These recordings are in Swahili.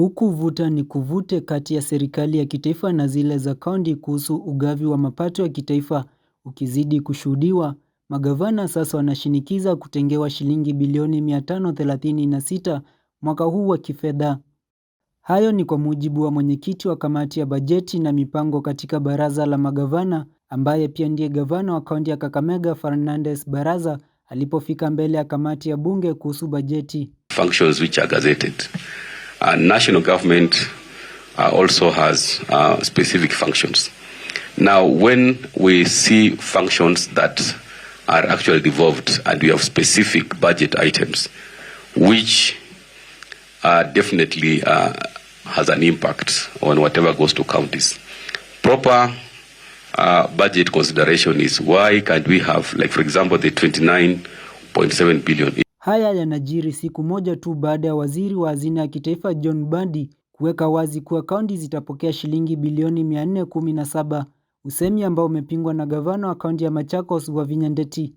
Huku vuta ni kuvute kati ya serikali ya kitaifa na zile za kaunti kuhusu ugavi wa mapato ya kitaifa ukizidi kushuhudiwa, magavana sasa wanashinikiza kutengewa shilingi bilioni 536 mwaka huu wa kifedha. Hayo ni kwa mujibu wa mwenyekiti wa kamati ya bajeti na mipango katika baraza la magavana ambaye pia ndiye gavana wa kaunti ya Kakamega Fernandes Baraza alipofika mbele ya kamati ya bunge kuhusu bajeti. Functions which are gazetted uh, national government uh, also has uh, specific functions. Now, when we see functions that are actually devolved and we have specific budget items, which uh, definitely uh, has an impact on whatever goes to counties. Proper uh, budget consideration is why can't we have, like for example, the 29.7 billion Haya yanajiri siku moja tu baada ya waziri wa hazina ya kitaifa John Mbadi kuweka wazi kuwa kaunti zitapokea shilingi bilioni 417, usemi ambao umepingwa na gavana wa kaunti ya Machakos Wavinya Ndeti.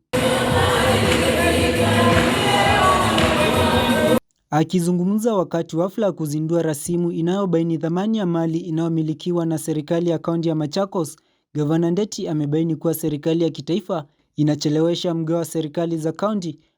Akizungumza wakati wa hafla ya kuzindua rasimu inayobaini thamani ya mali inayomilikiwa na serikali ya kaunti ya Machakos, gavana Ndeti amebaini kuwa serikali ya kitaifa inachelewesha mgao wa serikali za kaunti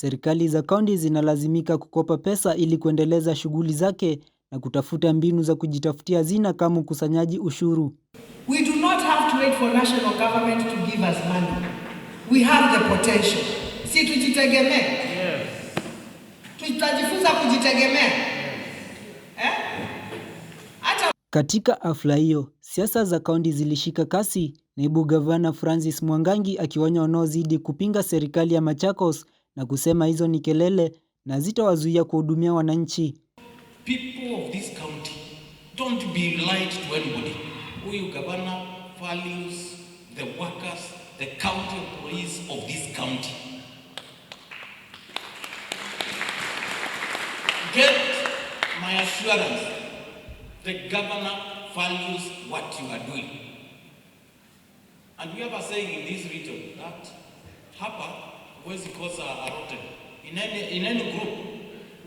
Serikali za kaunti zinalazimika kukopa pesa ili kuendeleza shughuli zake na kutafuta mbinu za kujitafutia hazina kama ukusanyaji ushuru. We do not have to wait for national government to give us money. We have the potential. Si tujitegemee? Yes. Tutajifunza kujitegemea. Eh? Hata katika hafla hiyo, siasa za kaunti zilishika kasi, naibu gavana Francis Mwangangi akiwaonya wanaozidi kupinga serikali ya Machakos na kusema hizo ni kelele na zitawazuia kuhudumia wananchi. People of this county, don't be lied to anybody. Huyu gavana values the workers, the county employees of this county. Get my assurance. The governor values what you are doing. And we have a saying in this region that hapa huwezi kosa a rotten. In any, in any group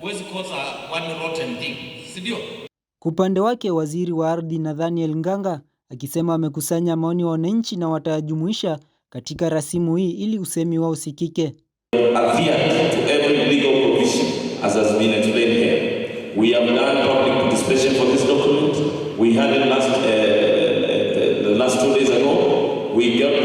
huwezi kosa one rotten thing, si ndio? Kwa upande wake waziri wa ardhi Nathaniel Nganga akisema amekusanya maoni wa wananchi na watayajumuisha katika rasimu hii ili usemi wao usikike. We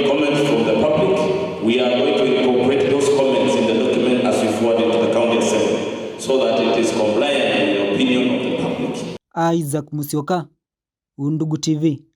Isaac Musyoka, Undugu TV.